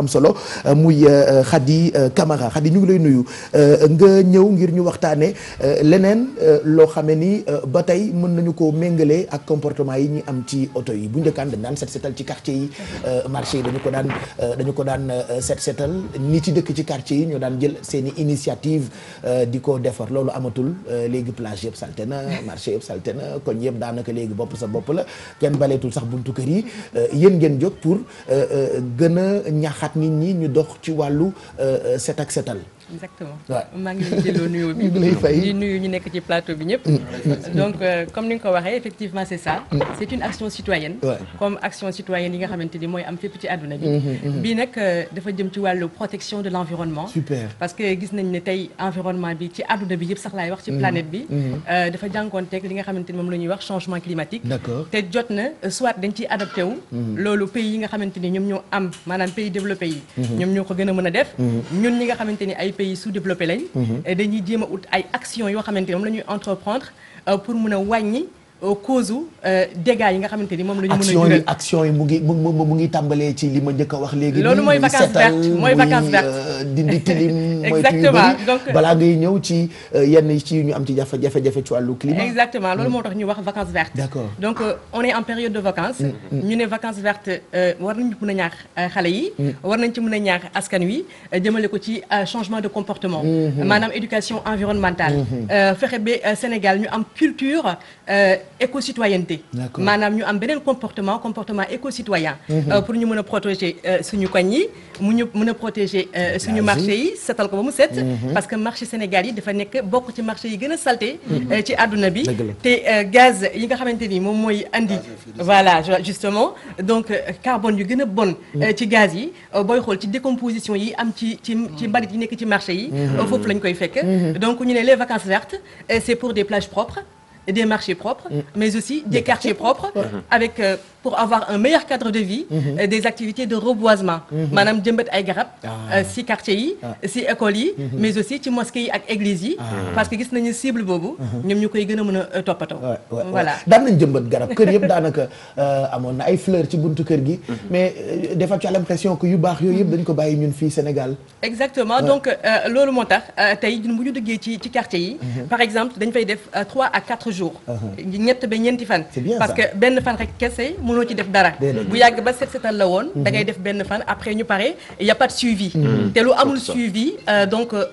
am solo euh, muy euh, euh, Khady Camara Khady ñu ngi lay nuyu nga ñëw ngir ñu waxtaanee leneen loo xame ni ba tey mën nañu ko méngale ak comportement yi ñi am ci oto yi bu njëkkaan dañ daan set setal ci quartier yi marché yi dañu ko daan dañu ko daan set setal ni ci dëkk ci quartier yi ñoo daan jël seeni initiative di ko defar loolu amatul léegi plage yëpp salte na marché yëpp salte na koñ yëpp daanaka léegi bopp sa bopp la kenn baleetul sax buntu kër yi yéen ngeen jóg pour gën a ak nit ñi ñu dox ci wàllu euh, euh, set ak setal exactement maa ngi leen jëloo nuyoo bi nuyu ñu nekk ci plateau bi ñëpp mm. donc euh, comme ni nga ko waxee effectivement c'est ça mm. c'est une action citoyenne comme action citoyenne yi nga xamante ni mooy am fépp ci àdduna bi mm-hmm, mm-hmm. bii nag euh, dafa jëm ci parce que gis nañ ne tey environnement bi ci bi yëpp sax laay wax ci mm-hmm, planète bi euh, dafa jànkoonteeg li nga xamante ni moom la ñuy wax changement climatique te jot na soit dañ ciy adapté wu loolu pays yi nga xamante ni ñoom ñoo am maanaam pays développé yi ñoom ñoo ko gën a mën a def ñun ñi nga xamante ni ay pays sous-développés lañ. Mhm. dañuy jéem a ut ay action yoo xamante ne moom la ñuy entreprendre euh, pour mun a wàññi. cause euh, dégâts yi nga xamante ni moom la ñu mën a jural action yi mu ngi mu ngi tàmbalee ci li ma njëkk a wax léegi. loolu mooy vacance verte mooy vacance verte euh, dindi tilim. donc ñëw ci euh, yenn ci ñu am ci jafe-jafe ci wàllu climat. exactement loolu mm. moo tax ñu wax vacance verte. donc on est en période de vacances. Mm, mm. ñu ne vacance verte war nañu mën a ñaax xale yi. war nañ ci mun a ñaax askan wi jëmale ko ci changement de comportement. Mm-hmm. maanaam éducation environnementale. Mm-hmm. fexe ba Sénégal ñu am culture. éco-citoyenneté maanaam ñu am beneen comportement comportement éco mhm. euh, pour ñu mën a protéger euh, suñu koñ yi mu ñu mën a protéger euh, suñu marché yi setal ko ba mu set mhm. parce que marché Sénégal yi dafa nekk bokk ci marché yi gën a salté mhm. ci adduna bi te gaz yi nga xamante ni moom mooy indi voilà justement donc carbone yu gën a bon ci gaz yi booy xool ci décomposition yi am ci ci ci mbalit yi nekk ci marché yi foofu lañu koy fekk donc ñu ne les vacances vertes c'est pour des plages propres des marchés propres, mmh. mais aussi des, des quartiers, mm-hmm. avec, euh, pour avoir un meilleur cadre de vie, mmh. des activités de reboisement. Mm-hmm. maanaam jëmbat ay garab ah. euh, si quartier yi ah. si yi mm-hmm. mais aussi ci mosquée yi ak église yi ah. parce que gis nañu cible boobu ñoom ñu koy gën a mën a toppatoo voilà daan nañ jëmbat garab kër yëpp daanaka amoon na ay fleur ci buntu kër gi mais des fois tu as l'impression que yu baax yooyu yëpp dañ ko bàyyi ñun fii Sénégal exactement donc loolu moo tax tey bu ñu duggee ci ci quartier yi par exemple dañ fay def trois à quatre jours. ñett ba ñeenti fan. parce que benn fan rek kese mënoo ci def dara. bu yàgg ba set setal la woon. Mhm. da ngay def benn fan après ñu pare y' a suivi. Mhm. Mm. te lu amul suivi euh, donc euh,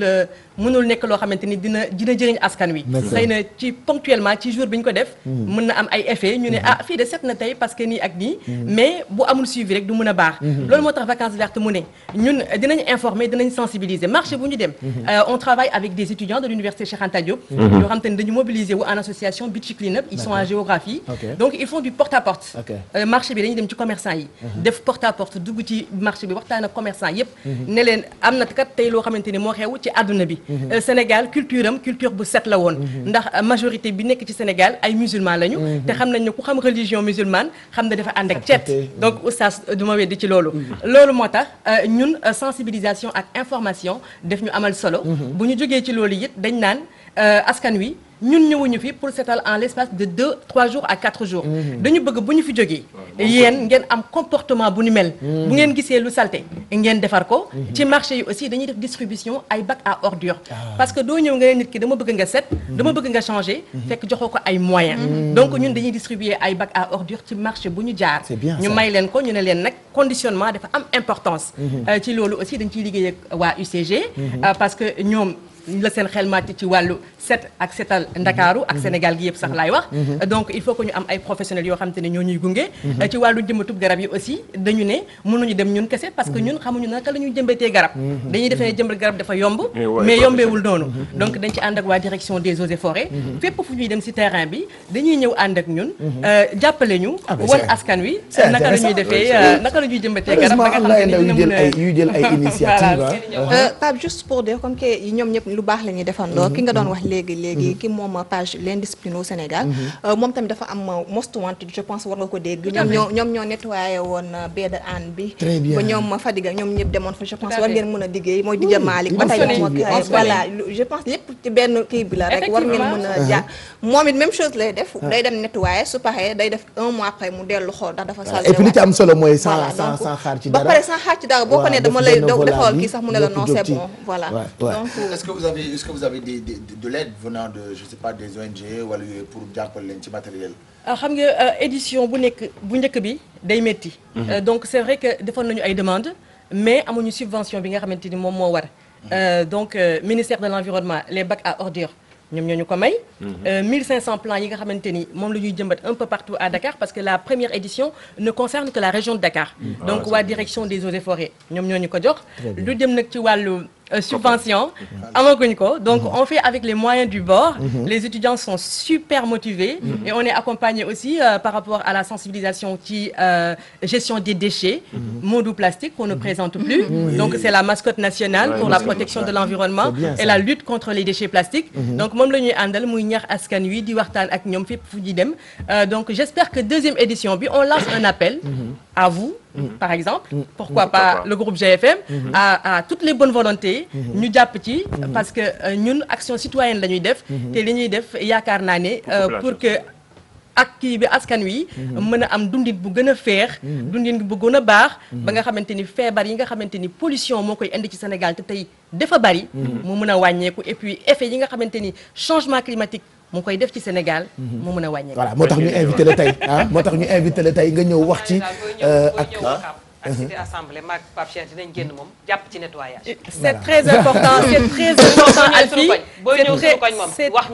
euh, mënul nekk loo xamante ni dina dina jëriñ askan wi. xëy na ci ponctuellement ci jour bi ñu ko def. Mhm. mën na am ay effet ñu ne ah fii de set na tey parce que nii ak nii. mais bu amul suivi rek du mën a baax. loolu moo tax vacances vertes mu ne ñun dinañ informer dinañ sensibiliser marché bu ñu dem. on travaille avec des yëngu en association Beach Clean Up ils sont en géographie donc ils font du porte à porte marché bi dañuy dem ci commerçant yi mhm. def porte à porte dugg ci marché bi waxtaan ak commerçant yëpp mhm. ne leen am na kat tey loo xamante ni moo xew ci àdduna bi mhm. euh, Sénégal culture am culture bu set la woon ndax euh, majorité bi nekk ci Sénégal ay musulmans lañu te xam nañ ne ku xam religion musulmane xam na dafa ànd ak cet donc oustaz du ma weddi ci loolu loolu moo tax euh, ñun sensibilisation ak information def ñu amal solo bu ñu jógee ci loolu it dañ naan wi ñun ñëwuñu fi pour seetal en l'espace de deux trois jours à quatre jours mhm. dañu bëgg bu ñu fi jógee yéen ngeen am comportement bu ni mel mhm. bu ngeen gisee lu salté ngeen defar ko mhm. ci marché yi aussi dañuy def distribution ay bac à ordure ah. parce que doo ñëw nga ne nit ki dama bëgg nga set dama bëgg nga changer fekk joxoo ko ay moyens donc ñun dañuy distribuer ay bac à ordure ci marché bu ñu jaar ñu may leen ko ñu ne leen nag conditionnement dafa am importance euh, ci loolu aussi dañ ciy liggéey la seen xel màcc ci wàllu set ak setal ndakaaru ak mhm. Sénégal gi yëpp sax mhm. laay wax mhm. donc il faut que ñu am ay professionnels yoo xam te ne ñoo ñuy gunge ci wàllu jëmbatub garab yi aussi dañu ne mënuñu dem ñun kese parce que ñun xamuñu naka la ñuy jëmbatee garab dañuy defe ne jëmbat garab dafa yomb eh mais yombeewul noonu donc dañ ci ànd ak waa direction des eaux et forêts fépp fu ñuy dem si terrain bi dañuy ñëw ànd ak ñun euh, jàppale ñu ah, wan askan wi naka la ñuy defee euh, naka la ñuy jëmbatee garab ba nga xam ne yu jël lu baax la ñuy defandoo mhm. ki nga doon wax léegi léegi mhm. ki moom page l'indiscipline au Sénégal mhm. euh, moom tamit dafa am most wanted je pense war nga ko dégg ñoom ñoo ñoom ñoo nettoyé woon euh, baie de bi ba ñoom Fadiga ñoom ñëpp demoon fa je pense war ngeen mën a liggéey mooy Dija Malick ba tey moo créé voilà je pense la rek war ngeen mën a ah. jaar moom it même chose lay def ah. day dem nettoyé su day def un mois après mu dellu xool ndax dafa sal et puis li solo mooy sans sans sans xaar ci dara ba pare boo ko ne dama lay defal kii sax mu ne la non bon voilà euh, vous avez est-ce que vous de l'aide venant de ONG wala pour jàppale leen ci matériel. Ah, xam nga euh, édition bu nekk bu njëkk bi day métti. Mhm. Euh, donc c'est vrai que defoon nañu ay demandes mais amuñu subvention bi nga xamante ni moom moo war. Mhm. Euh, donc ministère de l'environnement les bacs à ordures. ñoom ñoo ñu ko may. 1500 mhm. plans yi nga xamante ni moom la ñuy jëmbat un peu partout à Dakar parce que la première édition ne concerne que la région de Dakar. donc ah, waa direction des eaux et forêts ñoom ñoo ñu ko jox. Euh, subvention amaguñ ko donc mhm. on fait avec les moyens du bord mhm. les étudiants sont super motivés mhm. et on est accompagné aussi euh, par rapport à la sensibilisation ci euh, gestion des déchets mot du plastique qu'on ne présente plus donc c'est la mascotte nationale pour la protection de l'environnement et la lutte contre les déchets plastiques donc moom la ñuy àndal muy ñax askan wi di waxtaan ak ñoom fépp fu ñuy dem donc j'espère que deuxième édition bi on lance un appel à vous Mm-hmm. par exemple. Mm-hmm. Mm-hmm. pourquoi pas le groupe GFM. à à toutes les bonnes volontés. ñu jàpp ci parce que euh, ñun action citoyenne la def. te li def yaakaar naa ne euh, pour que. ak kii bi askan wi. mën a am dundin bu gën a feex. dundin bu gën a baax. ba nga xamante ni feebar yi nga xamante ni polition moo koy indi ci Sénégal te tey dafa bari. mu mën a wàññeeku et puis effet yi nga xamante ni changement climatique. mu koy def ci Sénégal. Mhm. mu mën a wàññeeku. voilà moo tax ñu invité la tey ah moo tax ñu invité la tey nga wax ci. Euh, ak ah. ak mhm. cité assemblée maag Pape Cheikh dinañ génn moom jàpp ci nettoyage. c'est très important c'est très important Alphie. boo ñëw ko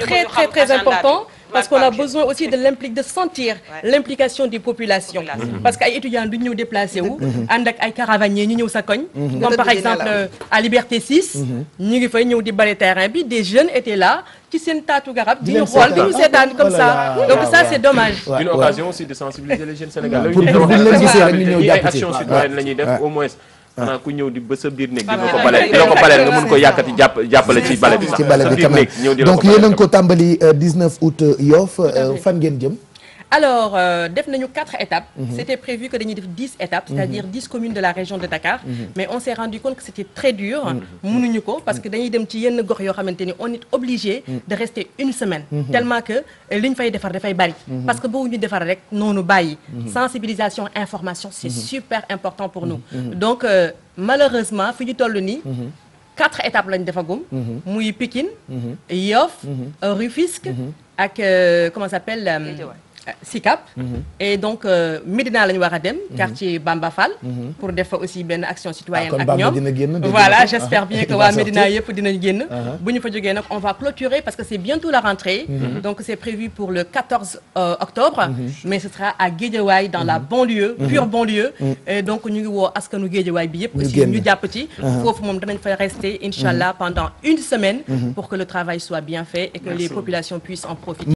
c'est très important. parce qu'on a besoin aussi de l'implique de sentir l'implication des populations parce que mm-hmm. ay étudiants duñ ñëw ay caravanier ñu ñëw sa koñ mm-hmm. comme par exemple euh, à Liberté 6 mm-hmm. ñu ngi fay ñëw di bale terrain bi des jeunes étaient là ci seen taatu garab di ñu xool di ñu seetaan comme oh ça donc ça c'est dommage une occasion aussi de sensibiliser les jeunes sénégalais pour buñ leen gisee rek ñu def au moins xanaa ku ñëw di ba sa biir néeg di ko bale ko bale nga mun ko yàkkati jàpp jàppale ci bale bi sax ci bale bi quand même donc yéen a ngi ko tàmbali 19 euh, août euh, Yoff euh, fan ngeen jëm alors euh, def euh, nañu quatre étapes mm c'était prévu que dañuy def dix étapes c'est-à-dire mhm. dix communes de la région de Dakar mhm. mais on s'est rendu compte que c'était très dur mënuñu mhm. ko parce que dañuy dem ci yenn gox yoo xamante ni on est obligé de rester une semaine tellement que li ñu fay defar dafay bari parce que boobu ñu defar rek noonu bàyyi sensibilisation information c'est super important pour nous donc euh, malheureusement fi ñu toll nii quatre étapes lañ defagum muy Pikine Yoff Rufisque ak euh, comment ça s'appelle euh, SICAP. Mhm. et donc euh, Médina la ñu war a dem. Mhm. quartier Bamba Fall. Mhm. pour def fa aussi benn action citoyenne ah, ak ñoom voilà j' bien ah. que waa Médina yëpp dinañ génn. Uh-huh. on va clôturer parce que c' bientôt la rentrée. donc c' prévu pour le euh, octobre. mais ce sera à Guédiawaye dans la banlieue. pure banlieue. et donc ñu ngi woo askanu uh-huh. pendant une semaine. pour que le travail soit bien fait et que les populations puissent en profiter.